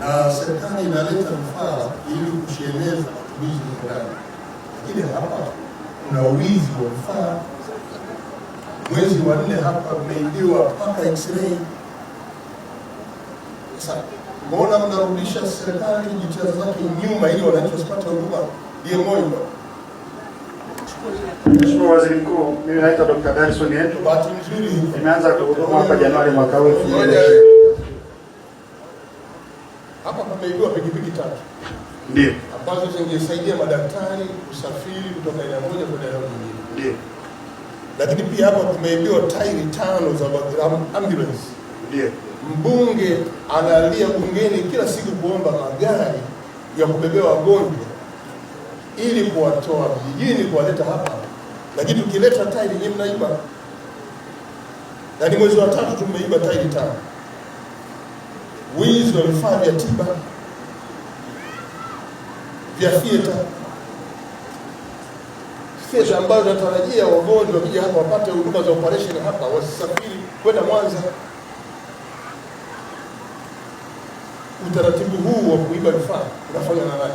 na serikali inaleta vifaa ili kusheneza matumizi nyumbani, lakini hapa kuna wizi wa vifaa. Mwezi wa nne hapa umeibiwa mpaka x-ray. Sasa mbona mnarudisha serikali jitihada zake nyuma ili wananchi wasipate huduma? Ndiyo moyo Mheshimiwa Waziri Mkuu, mimi naitwa Dr. Darson Yetu. Bahati nzuri nimeanza kuhudumu hapa Januari mwaka huu tumeibiwa pikipiki tatu ndio ambazo zingesaidia madaktari kusafiri kutoka eneo moja kwenda eneo lingine. Ndio. Lakini pia hapa tumeibiwa tairi tano za ambulance. Ndio. Mbunge analia bungeni kila siku kuomba magari ya kubebea wagonjwa ili kuwatoa vijijini kuwaleta hapa, lakini tukileta tairi ni mnaiba. Na ni mwezi wa tatu tumeiba tairi tano, wizi wa vifaa vya tiba vya theater theater ambayo natarajia wagonjwa wakija hapa wapate huduma za operation hapa, wasisafiri kwenda Mwanza. Utaratibu huu wa kuiba vifaa unafanya na nani?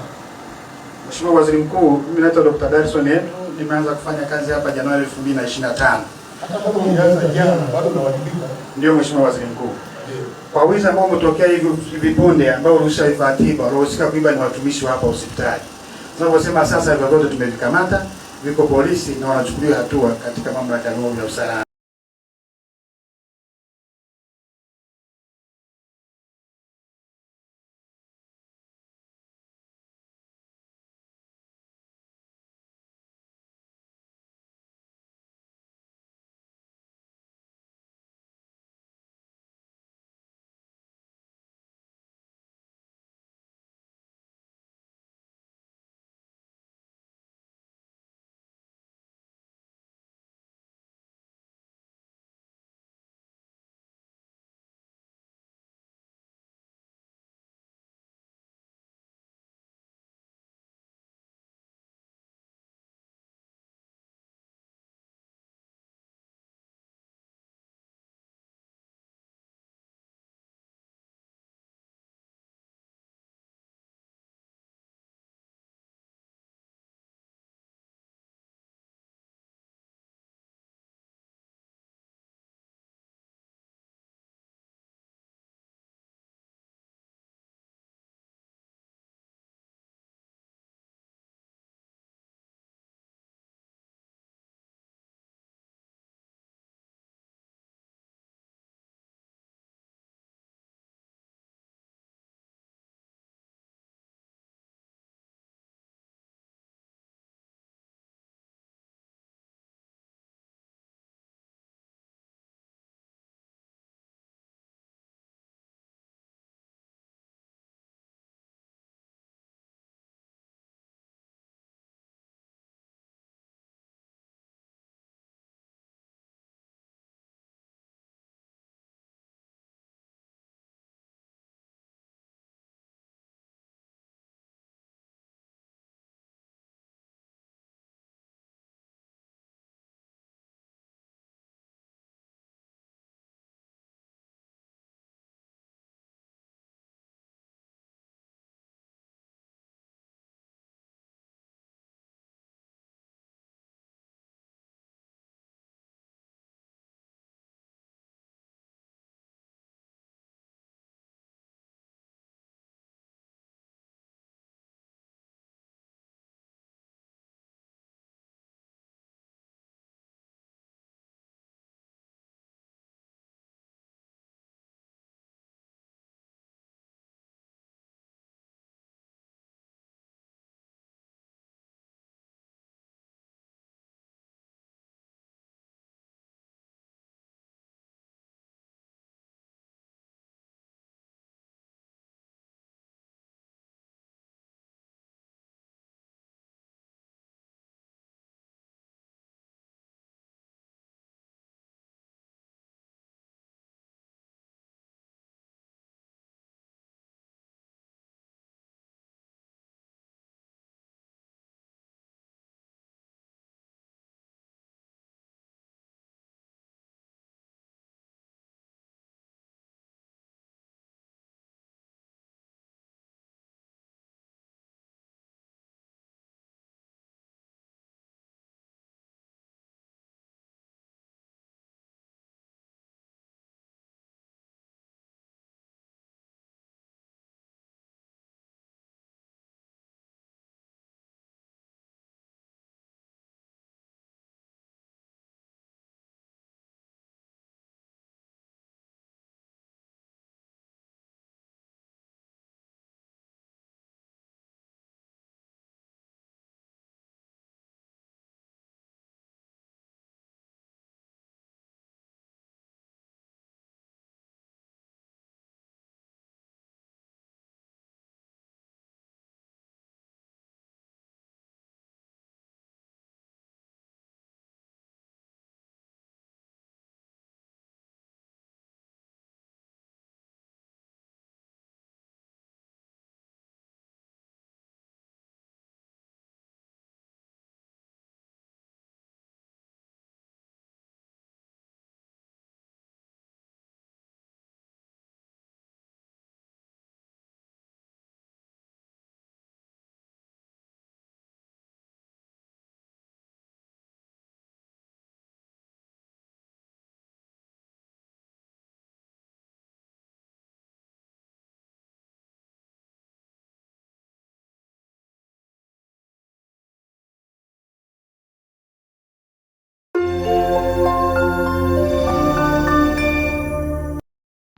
Mheshimiwa Waziri Mkuu, mimi naitwa Dr. Darson Hedu, nimeanza kufanya kazi hapa Januari 2025. Hata kama umeanza jana bado unawajibika. Ndio Mheshimiwa Waziri Mkuu kwa wizi ambao umetokea hivi vipunde, ambao ruhusa vifaa tiba waliohusika kuiba ni watumishi hapa hospitali. Tunaposema sasa, vyote tumevikamata, viko polisi na wanachukuliwa hatua katika mamlaka ya usalama.